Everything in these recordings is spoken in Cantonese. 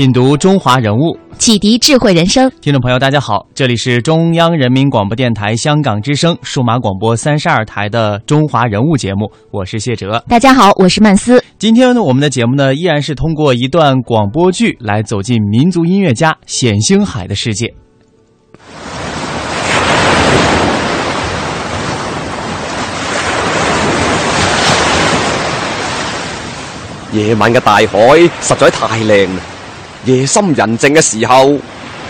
品讀中華人物，啟迪智慧人生。聽眾朋友，大家好，這裏是中央人民廣播電台香港之聲數碼廣播三十二台的《中華人物》節目，我是謝哲。大家好，我是曼斯。今天呢，我們的節目呢，依然是通過一段廣播劇來走進民族音樂家冼星海的世界。夜晚的大海實在太靚了。夜深人靜嘅時候，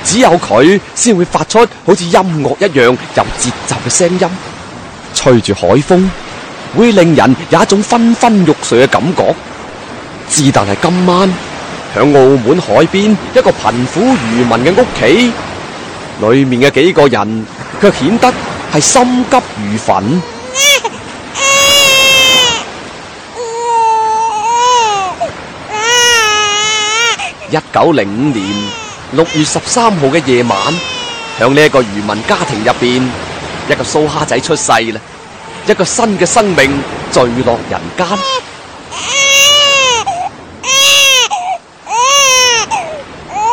只有佢先會發出好似音樂一樣有節奏嘅聲音。吹住海風，會令人有一種昏昏欲睡嘅感覺。自但係今晚，響澳門海邊一個貧苦漁民嘅屋企，裏面嘅幾個人卻顯得係心急如焚。九零五年六月十三號嘅夜晚，響呢一個漁民家庭入邊，一個蘇蝦仔出世啦，一個新嘅生命墜落人間。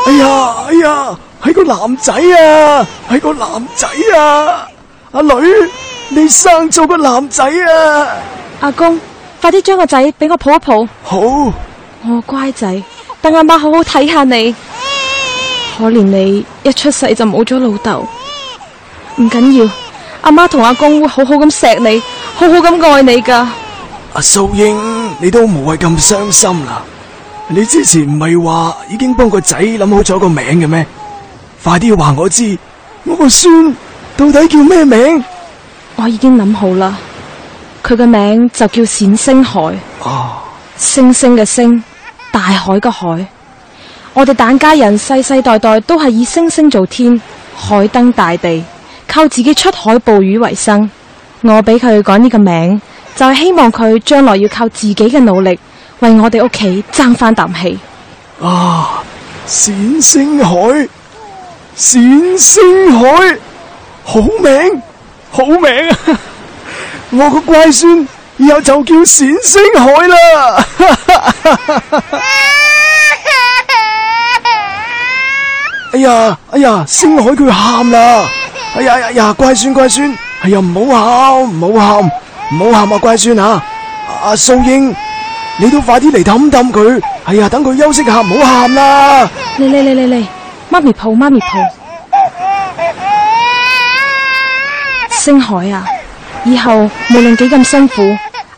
哎呀哎呀，係個男仔啊，係個男仔啊，阿女你生咗個男仔啊，阿公快啲將個仔俾我抱一抱，好我乖仔。等阿媽好好睇下你，可憐你一出世就冇咗老豆，唔緊要，阿媽同阿公會好好咁錫你，好好咁愛你噶。阿秀英，你都唔係咁傷心啦。你之前唔係話已經幫個仔諗好咗個名嘅咩？快啲話我知，我個孫到底叫咩名？我已經諗好啦，佢嘅名就叫冼星海。哦、啊，星星嘅星。大海嘅海，我哋蛋家人世世代代都係以星星做天，海燈大地，靠自己出海捕魚為生。我俾佢講呢個名，就係希望佢將來要靠自己嘅努力，為我哋屋企爭翻啖氣。啊！冼星海，冼星海，好名，好名啊！ 我個乖孫。以後就叫冼星海啦！哎呀哎呀，星海佢喊啦！哎呀呀呀，乖孫乖孫，哎呀唔好喊唔好喊唔好喊啊，乖孫啊！阿蘇英，你都快啲嚟氹氹佢。哎呀，等佢休息下，唔好喊啦！嚟嚟嚟嚟嚟，媽咪抱媽咪抱！星海啊，以後無論幾咁辛苦。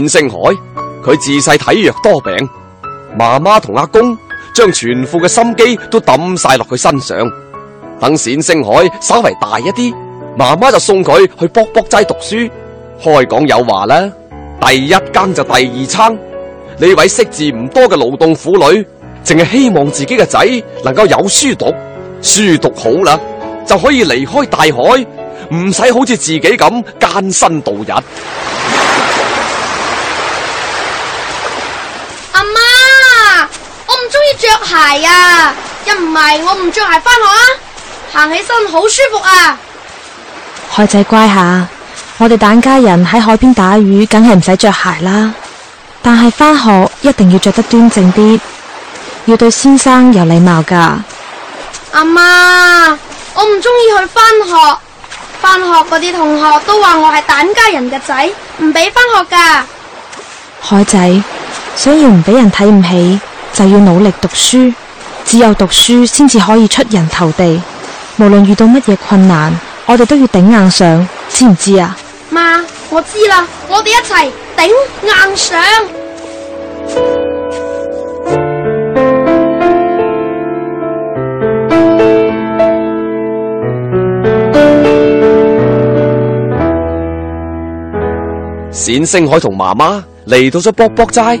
冼星海，佢自細體弱多病，媽媽同阿公將全副嘅心機都抌晒落佢身上。等冼星海稍微大一啲，媽媽就送佢去卜卜齋讀書，開講有話啦。第一間就第二餐。呢位識字唔多嘅勞動婦女，淨係希望自己嘅仔能夠有書讀，書讀好啦就可以離開大海，唔使好似自己咁艱辛度日。着鞋呀、啊？又唔係我唔着鞋返學啊，行起身好舒服啊。海仔乖下、啊，我哋蛋家人喺海邊打魚，梗係唔使着鞋啦。但係返學一定要着得端正啲，要對先生有禮貌噶。阿媽，我唔中意去返學，返學嗰啲同學都話我係蛋家人嘅仔，唔俾返學噶。海仔，所以唔俾人睇唔起，就要努力讀書，只有讀書先至可以出人頭地。無論遇到乜嘢困難，我哋都要頂硬上，知唔知啊？媽，我知啦，我哋一齊頂硬上。冼星海同媽媽嚟到咗卜卜齋。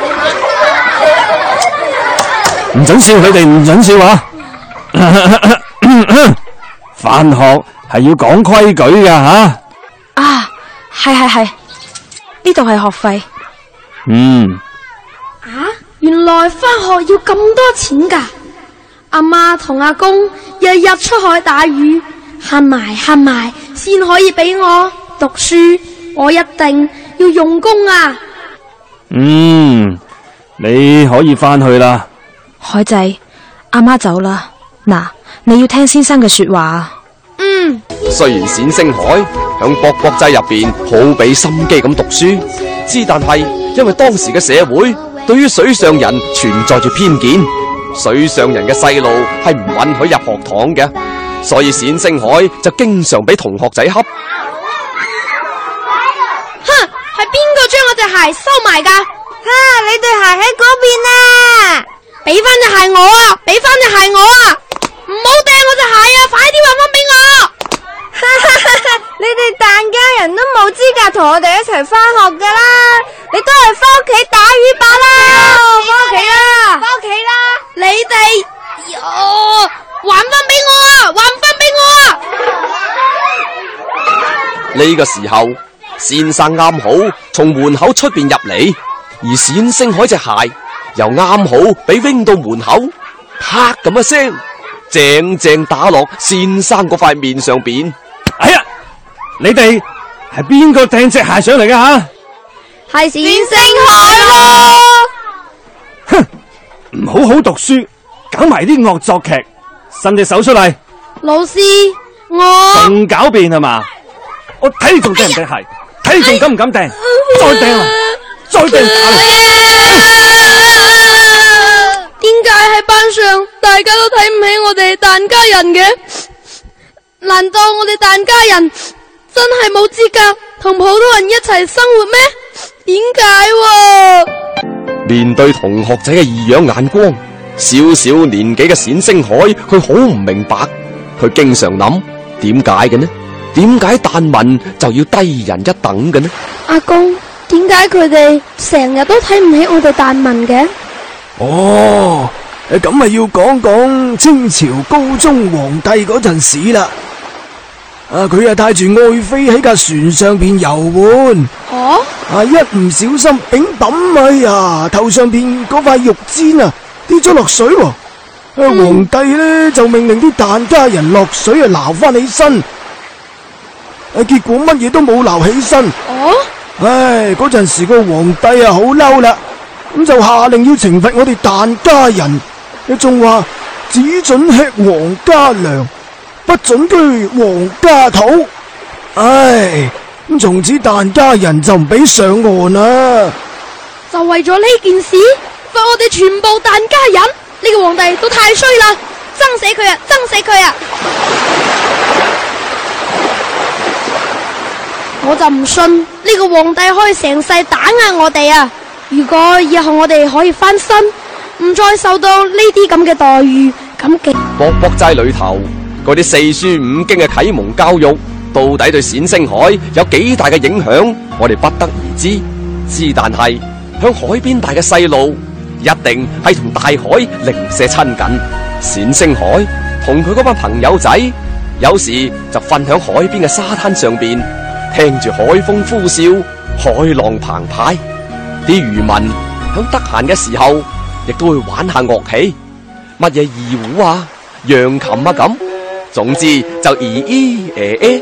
唔准笑，佢哋唔准笑啊！返 學係要講規矩噶吓。啊，係係係，呢度係學費。嗯。啊，原來翻學要咁多錢噶。阿媽同阿公日日出海打魚，慳埋慳埋先可以俾我讀書。我一定要用功啊。嗯，你可以翻去啦。海仔，阿媽走啦，嗱，你要聽先生嘅說話。嗯。雖然冼星海響博國仔入邊好俾心機咁讀書，之但係因為當時嘅社會對於水上人存在住偏見，水上人嘅細路係唔允許入學堂嘅，所以冼星海就經常俾同學仔恰。哼，係邊個將我隻鞋收埋噶？哈，你對鞋喺嗰邊啊！俾翻隻鞋我啊！俾翻隻鞋我啊！唔好掟我隻鞋啊！快啲還翻俾我！ 你哋疍家人都冇資格同我哋一齊翻學噶啦！你都係翻屋企打魚罷啦！翻屋企啦！翻屋企啦！你哋哦還翻俾我啊！還翻俾我啊！呢、這個時候，先生啱好從門口出邊入嚟，而冼星海隻鞋。又啱好俾拎到門口，啪咁一聲，正正打落先生嗰塊面上邊。哎呀，你哋係邊個掟隻鞋上嚟嘅吓？係冼星海咯。哼，唔好好讀書，搞埋啲惡作劇，伸隻手出嚟。老師，我仲狡辯係嘛？我睇你仲掟唔掟鞋，睇你仲敢唔敢掟？再掟啦，再掟。點解喺班上大家都睇唔起我哋疍家人嘅？難道我哋疍家人真係冇資格同普通人一齊生活咩？點解？面對同學仔嘅異樣眼光，小小年紀嘅冼星海，佢好唔明白。佢經常諗：點解嘅呢？點解疍民就要低人一等嘅呢？阿公，點解佢哋成日都睇唔起我哋疍民嘅？哦，咁啊要講講清朝高宗皇帝嗰陣時啦。啊，佢啊帶住愛妃喺架船上邊遊玩。哦、啊。啊，一唔小心並抌哎呀，頭上邊嗰塊玉簪啊跌咗落水喎、啊啊嗯。皇帝咧就命令啲疍家人落水啊撈翻起身。啊，結果乜嘢都冇撈起身。哦、啊。唉、哎，嗰陣時個皇帝啊好嬲啦。咁就下令要懲罰我哋疍家人，你仲話只准吃皇家糧，不准居皇家土。唉，咁從此疍家人就唔俾上岸啦。就為咗呢件事，罰我哋全部疍家人。呢個皇帝都太衰啦，憎死佢啊，憎死佢啊！我就唔信呢個皇帝可以成世打壓我哋啊！如果以後我哋可以翻身，唔再受到呢啲咁嘅待遇，咁卜卜齋裏頭嗰啲四書五經嘅啟蒙教育，到底對冼星海有幾大嘅影響，我哋不得而知。知，但係響海邊大嘅細路，一定係同大海零舍親近。冼星海同佢嗰班朋友仔，有時就瞓響海邊嘅沙灘上邊，聽住海風呼嘯，海浪澎湃。啲漁民響得閒嘅時候，亦都會玩下樂器，乜嘢二胡啊、揚琴啊咁，總之就咦咦誒誒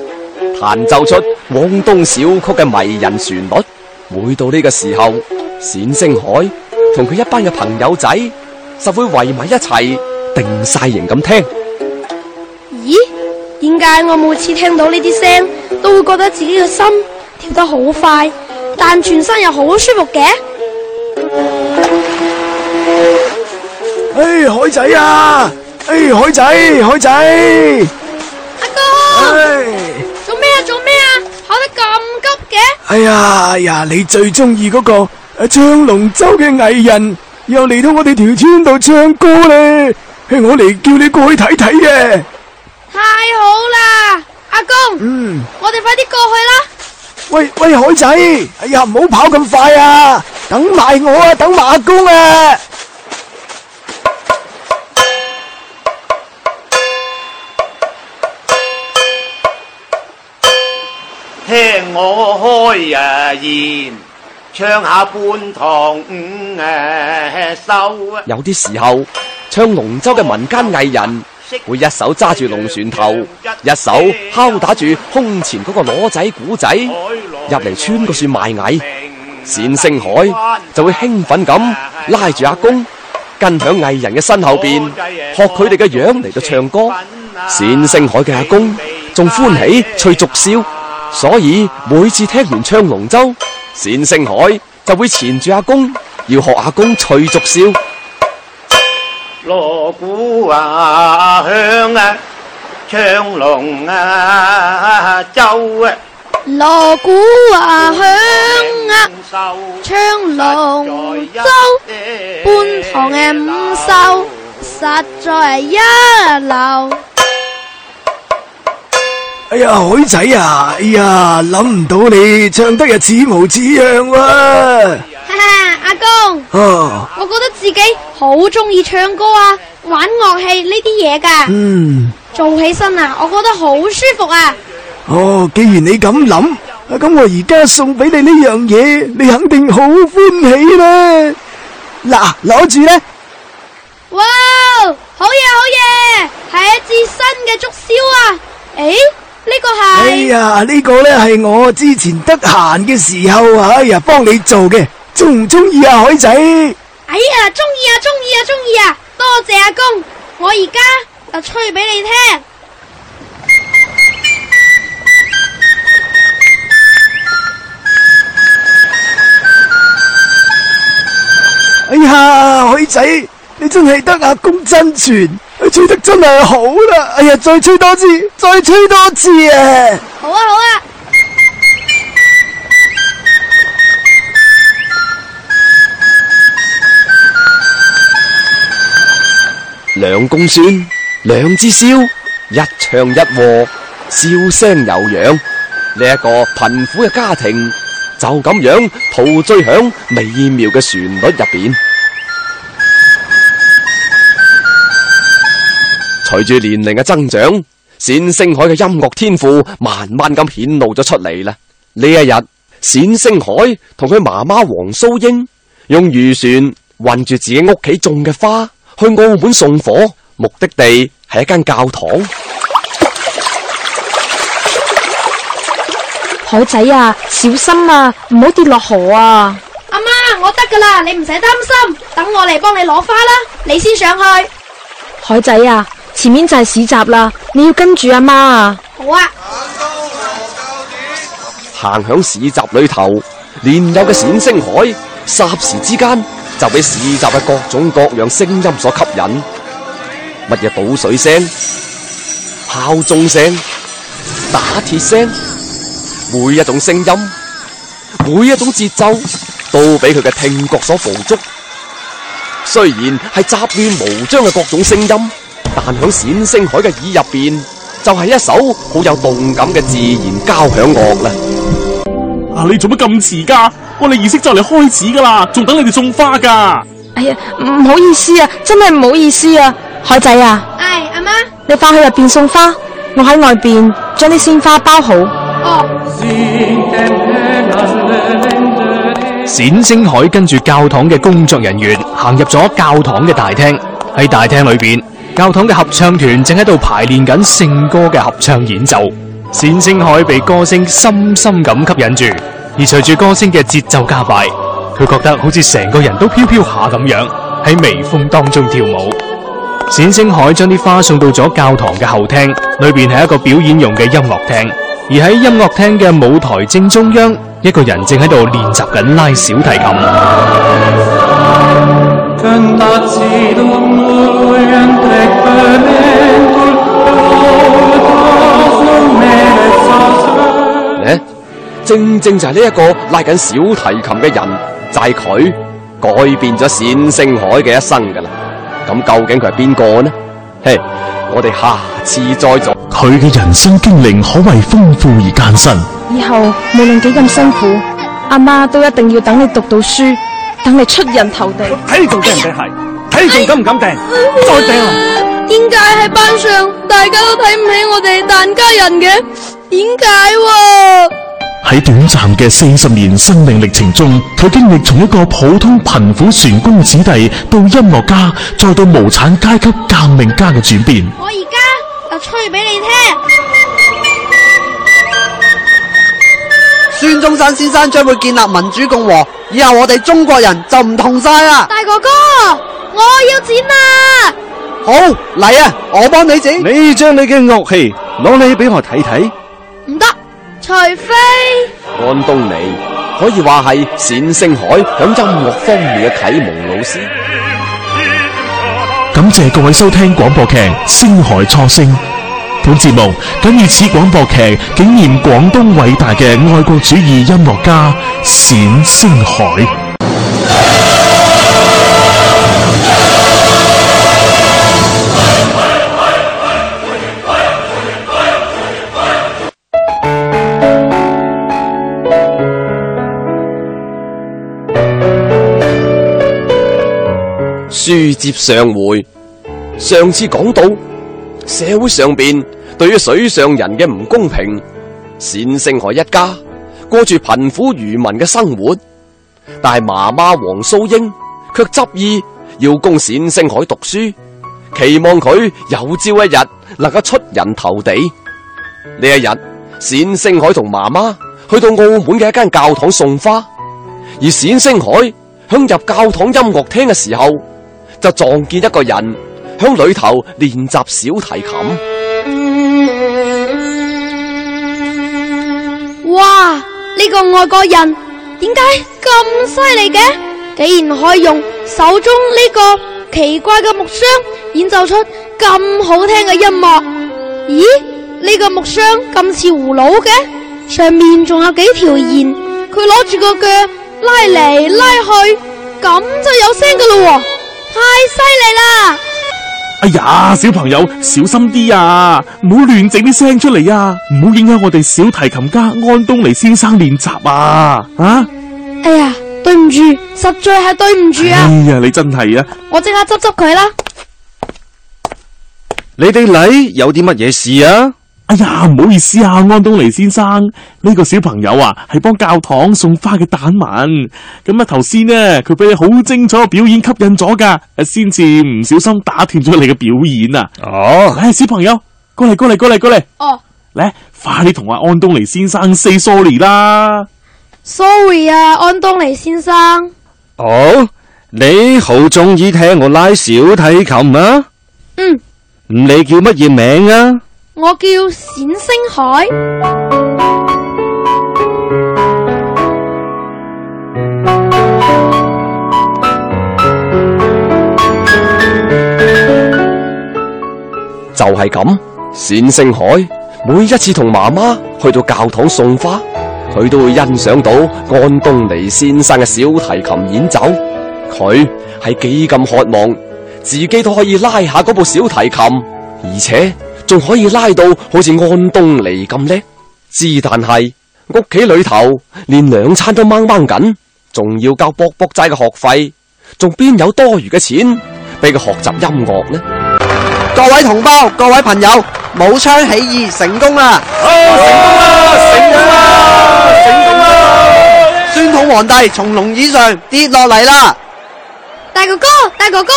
彈奏出廣東小曲嘅迷人旋律。每到呢個時候，冼星海同佢一班嘅朋友仔就會圍埋一齊，定晒型咁聽。咦？點解我每次聽到呢啲聲，都會覺得自己嘅心跳得好快？但全身又好舒服嘅。哎，海仔啊！哎，海仔，海仔，阿公，哎，做咩啊？做咩啊？跑得咁急嘅？哎呀哎呀，你最中意嗰個、啊、唱龍舟嘅藝人又嚟到我哋條村度唱歌咧，係我嚟叫你過去睇睇嘅。太好啦，阿公，嗯，我哋快啲過去啦。喂喂，海仔，哎呀，唔好跑咁快啊！等埋我啊，等馬、啊、公啊！聽我開呀、啊、言，唱下半堂五誒、嗯啊，收、啊。有啲時候，唱龍舟嘅民間藝人。會一手揸住龍船頭，一手敲打住胸前嗰個鑼仔鼓仔，入嚟穿個算賣藝。冼星海就會興奮咁拉住阿公跟響藝人嘅身後邊學佢哋嘅樣嚟到唱歌。冼星海嘅阿公仲歡喜吹竹簫，所以每次聽完唱龍舟，冼星海就會纏住阿公要學阿公吹竹簫。鑼鼓啊香啊，唱龍啊舟啊，鑼鼓啊響啊，唱龍舟，半堂嘅五秀實在係一、啊啊啊啊、一流。哎呀，海仔啊！哎呀，諗唔到你唱得又似模似樣喎、啊。哈、啊、哈，阿公。哦、啊。我覺得自己好中意唱歌啊，玩樂器呢啲嘢噶。嗯。做起身啊，我覺得好舒服啊。哦，既然你咁諗，咁我而家送俾你呢樣嘢，你肯定好歡喜咧、啊。嗱、啊，攞住咧。哇，好嘢好嘢，係一支新嘅竹簫啊！誒、哎。呢、這個係，哎呀，呢、這個咧係我之前得閒嘅時候啊，哎呀，幫你做嘅，中唔中意啊，海仔？哎呀，中意啊，中意啊，中意啊！多謝阿公，我而家就吹俾你聽。哎呀，海仔，你真係得阿公真傳。吹得真係好啦啊！哎呀，再吹多次，再吹多次啊！好啊，好啊！兩公孫，兩支簫，一唱一和，笑聲悠揚。呢、這、一個貧苦嘅家庭就咁樣陶醉響美妙嘅旋律入邊。隨住年齡嘅增長，冼星海嘅音樂天賦慢慢咁顯露咗出嚟啦。呢一日，冼星海同佢媽媽黃蘇英用漁船運住自己屋企種嘅花去澳門送火，目的地係一間教堂。海仔啊，小心啊，唔好跌落河啊！阿媽，我得噶啦，你唔使擔心，等我嚟幫你攞花啦，你先上去。海仔啊！前面就係市集啦，你要跟住阿、啊、媽啊！好啊。行響市集裏頭，年幼嘅冼星海霎時之間就俾市集嘅各種各樣聲音所吸引。乜嘢倒水聲、敲鐘聲、打鐵聲，每一種聲音，每一種節奏，都俾佢嘅聽覺所捕捉。雖然係雜亂無章嘅各種聲音。但響冼星海嘅耳入邊，就係一首好有動感嘅自然交響樂啦。啊，你做乜咁遲噶？我哋儀式就嚟開始噶啦，仲等你哋送花噶。哎呀，唔好意思啊，真係唔好意思啊，海仔啊。哎，阿媽，你翻去入邊送花，我喺外邊將啲鮮花包好。哦。冼星海跟住教堂嘅工作人員行入咗教堂嘅大廳，喺大廳裏邊。教堂嘅合唱團正喺度排練緊聖歌嘅合唱演奏，冼星海被歌聲深深咁吸引住。而隨住歌聲嘅節奏加快，佢覺得好似成個人都飄飄下咁樣喺微風當中跳舞。冼星海將啲花送到咗教堂嘅後廳，裏邊係一個表演用嘅音樂廳。而喺音樂廳嘅舞台正中央，一個人正喺度練習緊拉小提琴。正正就係呢一個拉緊小提琴嘅人，就係、是、佢改變咗冼星海嘅一生噶啦。咁究竟佢係邊個呢？嘿、hey，我哋下次再做佢嘅人生經歷，可謂豐富而艱辛。以後無論幾咁辛苦，阿媽都一定要等你讀到書，等你出人頭地。睇你仲驚人哋係，睇你仲敢唔敢掟，哎、呀再掟！點解喺班上大家都睇唔起我哋蛋家人嘅？點解、啊？喺短暫嘅四十年生命歷程中，佢經歷從一個普通貧苦船工子弟到音樂家，再到無產階級革命家嘅轉變。我而家就吹俾你聽，孫中山先生將會建立民主共和，以後我哋中國人就唔同晒啦。大哥哥，我要剪啦！好嚟啊，我幫你整。你將你嘅樂器攞嚟俾我睇睇。除非安東尼可以話係冼星海響音樂方面嘅啟蒙老師。感謝各位收聽廣播劇《星海初聲》。本節目僅以此廣播劇，紀念廣東偉大嘅愛國主義音樂家冼星海。書接上回，上次講到社會上邊對於水上人嘅唔公平。冼星海一家過住貧苦漁民嘅生活，但係媽媽黃素英卻執意要供冼星海讀書，期望佢有朝一日能夠出人頭地。呢一日，冼星海同媽媽去到澳門嘅一間教堂送花，而冼星海向入教堂音樂廳嘅時候。就撞見一個人響裏頭練習小提琴。嗯、哇！呢個外國人點解咁犀利嘅？竟然可以用手中呢個奇怪嘅木箱演奏出咁好聽嘅音樂。咦？呢個木箱咁似葫蘆嘅，上面仲有幾條弦，佢攞住個腳拉嚟拉去，咁就有聲噶咯。太犀利啦！哎呀，小朋友小心啲啊，唔好亂整啲聲出嚟啊，唔好影響我哋小提琴家安東尼先生練習啊！啊！哎呀，對唔住，實在係對唔住啊！哎呀，你真係啊！我即刻執執佢啦！你哋嚟有啲乜嘢事啊？哎呀，唔好意思啊，安東尼先生，呢、這個小朋友啊，係幫教堂送花嘅蛋民。咁啊，頭先呢，佢俾你好精彩嘅表演吸引咗噶，先至唔小心打斷咗你嘅表演啊！哦、oh.，嚟小朋友，過嚟過嚟過嚟過嚟，哦、oh.，嚟快啲同阿安東尼先生 say sorry 啦！Sorry 啊，安東尼先生。哦、oh?，你好中意聽我拉小提琴啊？嗯，你叫乜嘢名啊？我叫冼星海，就係咁。冼星海每一次同媽媽去到教堂送花，佢都會欣賞到安東尼先生嘅小提琴演奏。佢係幾咁渴望自己都可以拉下嗰部小提琴，而且。仲可以拉到好似安東尼咁叻，之但係屋企裏頭連兩餐都掹掹緊，仲要交卜卜齋嘅學費，仲邊有多餘嘅錢俾佢學習音樂呢？各位同胞，各位朋友，武昌起義成功啦！成功啦！哦，成功啦！成功啦！宣統、oh, 皇帝從龍椅上跌落嚟啦！大哥哥，大哥哥，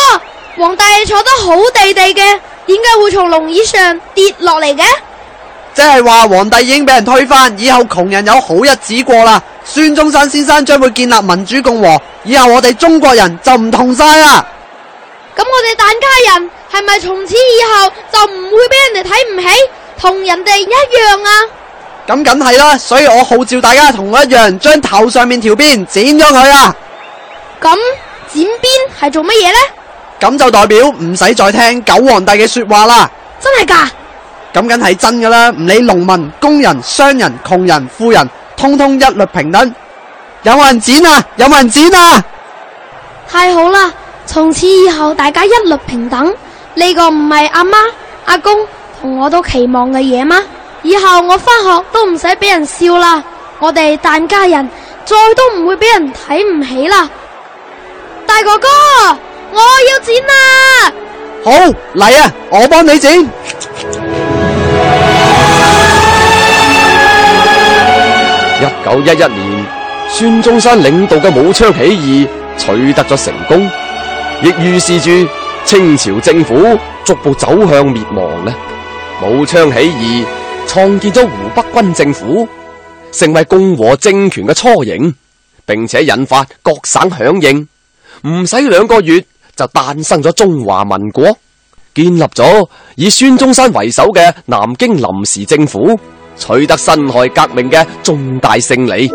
皇帝坐得好地地嘅。點解會從龍椅上跌落嚟嘅？即係話皇帝已經俾人推翻，以後窮人有好日子過啦。孫中山先生將會建立民主共和，以後我哋中國人就唔同晒啦。咁我哋疍家人係咪從此以後就唔會俾人哋睇唔起，同人哋一樣啊？咁梗係啦，所以我號召大家同我一樣，將頭上面條辮剪咗佢啊！咁剪辮係做乜嘢呢？咁就代表唔使再聽九皇帝嘅說話啦。真係噶，咁梗係真噶啦。唔理農民、工人、商人、窮人、富人，通通一律平等。有冇人剪呀？有冇人剪呀、啊啊？太好啦！從此以後，大家一律平等。呢、呢個唔係阿媽、阿公同我都期望嘅嘢嗎？以後我翻學都唔使俾人笑啦。我哋蛋家人再都唔會俾人睇唔起啦。大哥哥。我要剪啦，啊！好嚟啊，我幫你剪。一九一一年，孫中山領導嘅武昌起義取得咗成功，亦預示住清朝政府逐步走向滅亡。武昌起義創建咗湖北軍政府，成為共和政權嘅雛形，並且引發各省響應，唔使兩個月。就誕生咗中華民國，建立咗以孫中山為首嘅南京臨時政府，取得辛亥革命嘅重大勝利。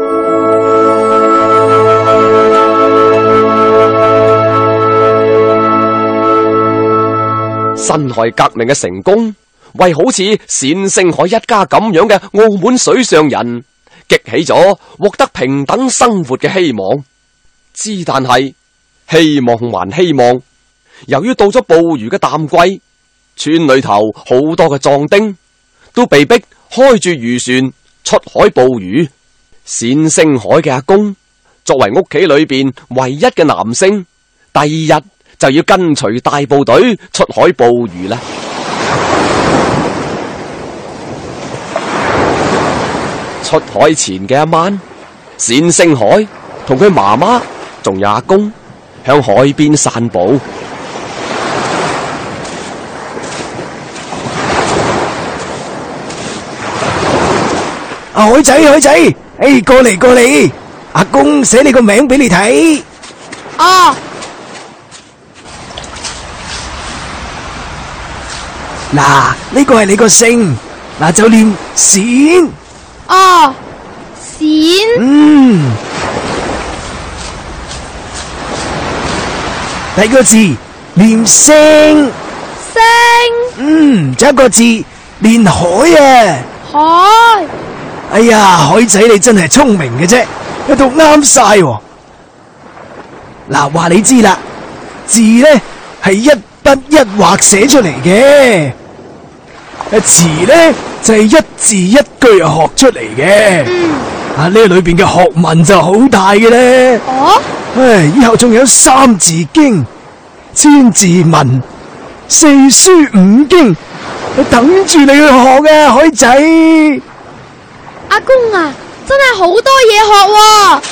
辛亥革命嘅成功，為好似冼星海一家咁樣嘅澳門水上人，激起咗獲得平等生活嘅希望。之但係。希望還希望，由於到咗捕魚嘅淡季，村裏頭好多嘅壯丁都被逼開住漁船出海捕魚。冼星海嘅阿公作為屋企裏邊唯一嘅男性，第二日就要跟隨大部隊出海捕魚啦。出海前嘅一晚，冼星海同佢媽媽仲有阿公。響海邊散步。阿海仔，海仔，哎，過嚟，過嚟，阿公寫你個名俾你睇。啊，嗱，呢個係你個姓，嗱就念冼。哦，冼。嗯。第一個字練聲聲，嗯，就一個字練海啊海。哎呀，海仔你真係聰明嘅啫，一讀啱晒。嗱、啊，話你知啦，字咧係一筆一畫寫出嚟嘅，誒，詞咧就係、是、一字一句學出嚟嘅。嗯，啊，呢、這個、裏邊嘅學問就好大嘅咧。哦。唉，以後仲有《三字經》《千字文》、《四書五經》，等住你去學嘅、啊，海仔。阿公啊，真係好多嘢學、啊。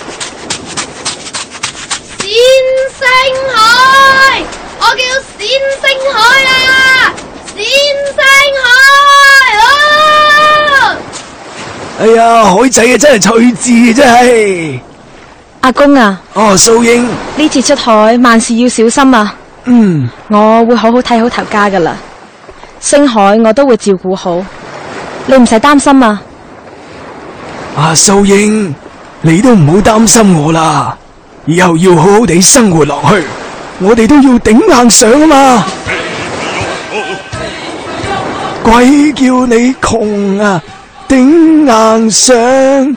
冼星海，我叫冼星海啊！冼星海、啊，哎呀，海仔真啊，真係趣緻啊，真係。阿公啊！哦，素英，呢次出海萬事要小心啊！嗯，我會好好睇好頭家噶啦，星海我都會照顧好，你唔使擔心啊！阿、啊、素英，你都唔好擔心我啦，以後要好好地生活落去，我哋都要頂硬上啊嘛！鬼叫你窮啊，頂硬上！